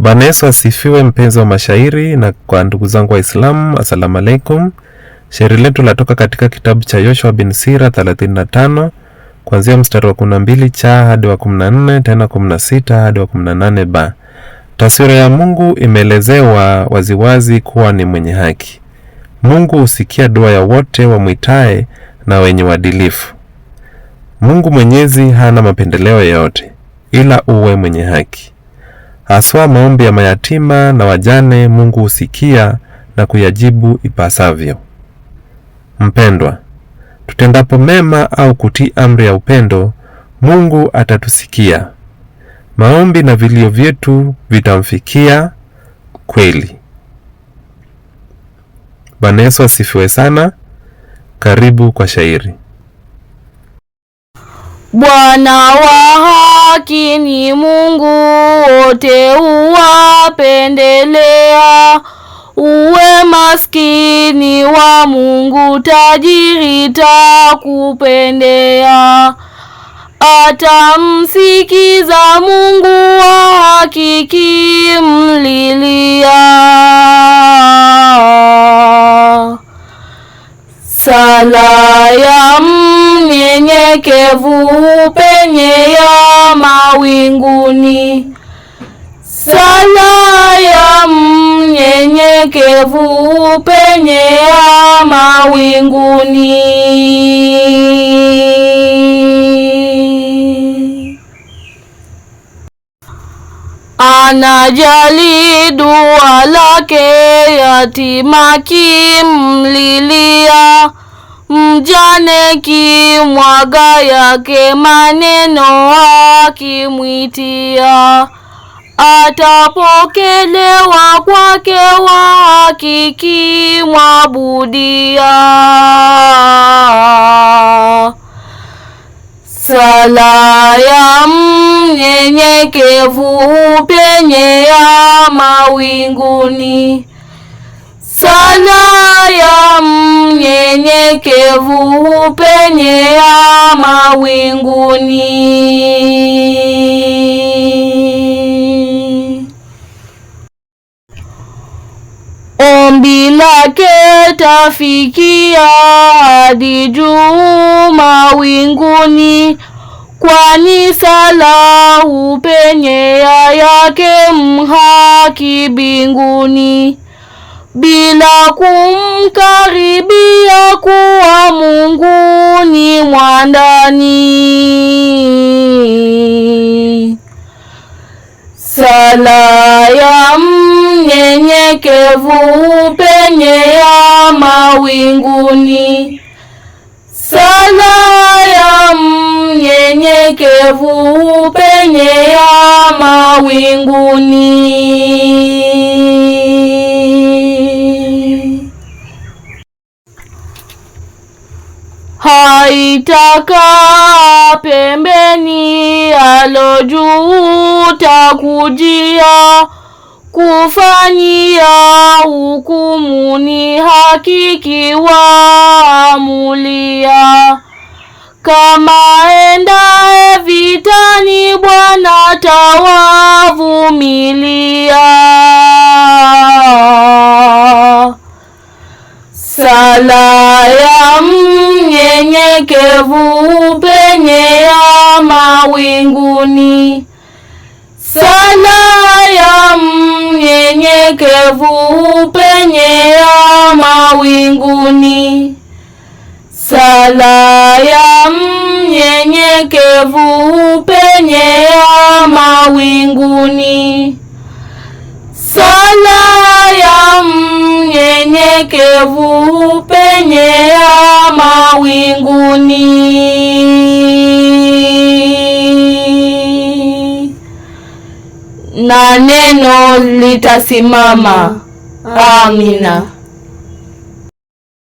Bwana Yesu asifiwe, mpenzi wa mashairi na kwa ndugu zangu Waislamu, asalamu alaikum. Shairi letu latoka katika kitabu cha Yoshua bin Sira 35 kuanzia mstari wa 12 cha hadi wa 14 tena 16 hadi wa 18 ba. Taswira ya Mungu imeelezewa waziwazi kuwa ni mwenye haki. Mungu husikia dua ya wote wamwitae na wenye uadilifu. Mungu Mwenyezi hana mapendeleo yoyote ila uwe mwenye haki haswa maombi ya mayatima na wajane. Mungu husikia na kuyajibu ipasavyo. Mpendwa, tutendapo mema au kutii amri ya upendo, Mungu atatusikia maombi na vilio vyetu vitamfikia kweli. Bwana Yesu asifiwe sana. Karibu kwa shairi. Bwana wa haki ni Mungu, wote huwapendelea. Uwe maskini wa Mungu, tajiri takupendea. Atamsikiza Mungu wa haki, kimlilia. Sala ya unyenyekevu upenyeyo mawinguni. Sala ya mnyenyekevu upenyeyo mawinguni. Anajali dua lake yatima kimlilia Mjane kimwaga yake maneno, akimwitia atapokelewa kwake, wa haki kimwabudia. Sala ya mnyenyekevu ya mawinguni, sala ya mnyenyekevu hupenyea mawinguni. Ombi lake tafikia hadi juu mawinguni, kwani sala hupenyea yake mhaki mbinguni bila kumkaribia kuwa Mungu ni mwandani. Sala ya mnyenyekevu ya mawinguni, sala ya mnyenyekevu ya mawinguni. Haitakaa pembeni, alojuta kujia, kufanyia hukumu ni haki kiwaamulia. Kama endae vitani, Bwana tawa unyenyekevu hupenyea mawinguni. Sala ya mnyenyekevu hupenyea mawinguni. Sala ya mnyenyekevu hupenyea mawinguni. na neno litasimama. Amina.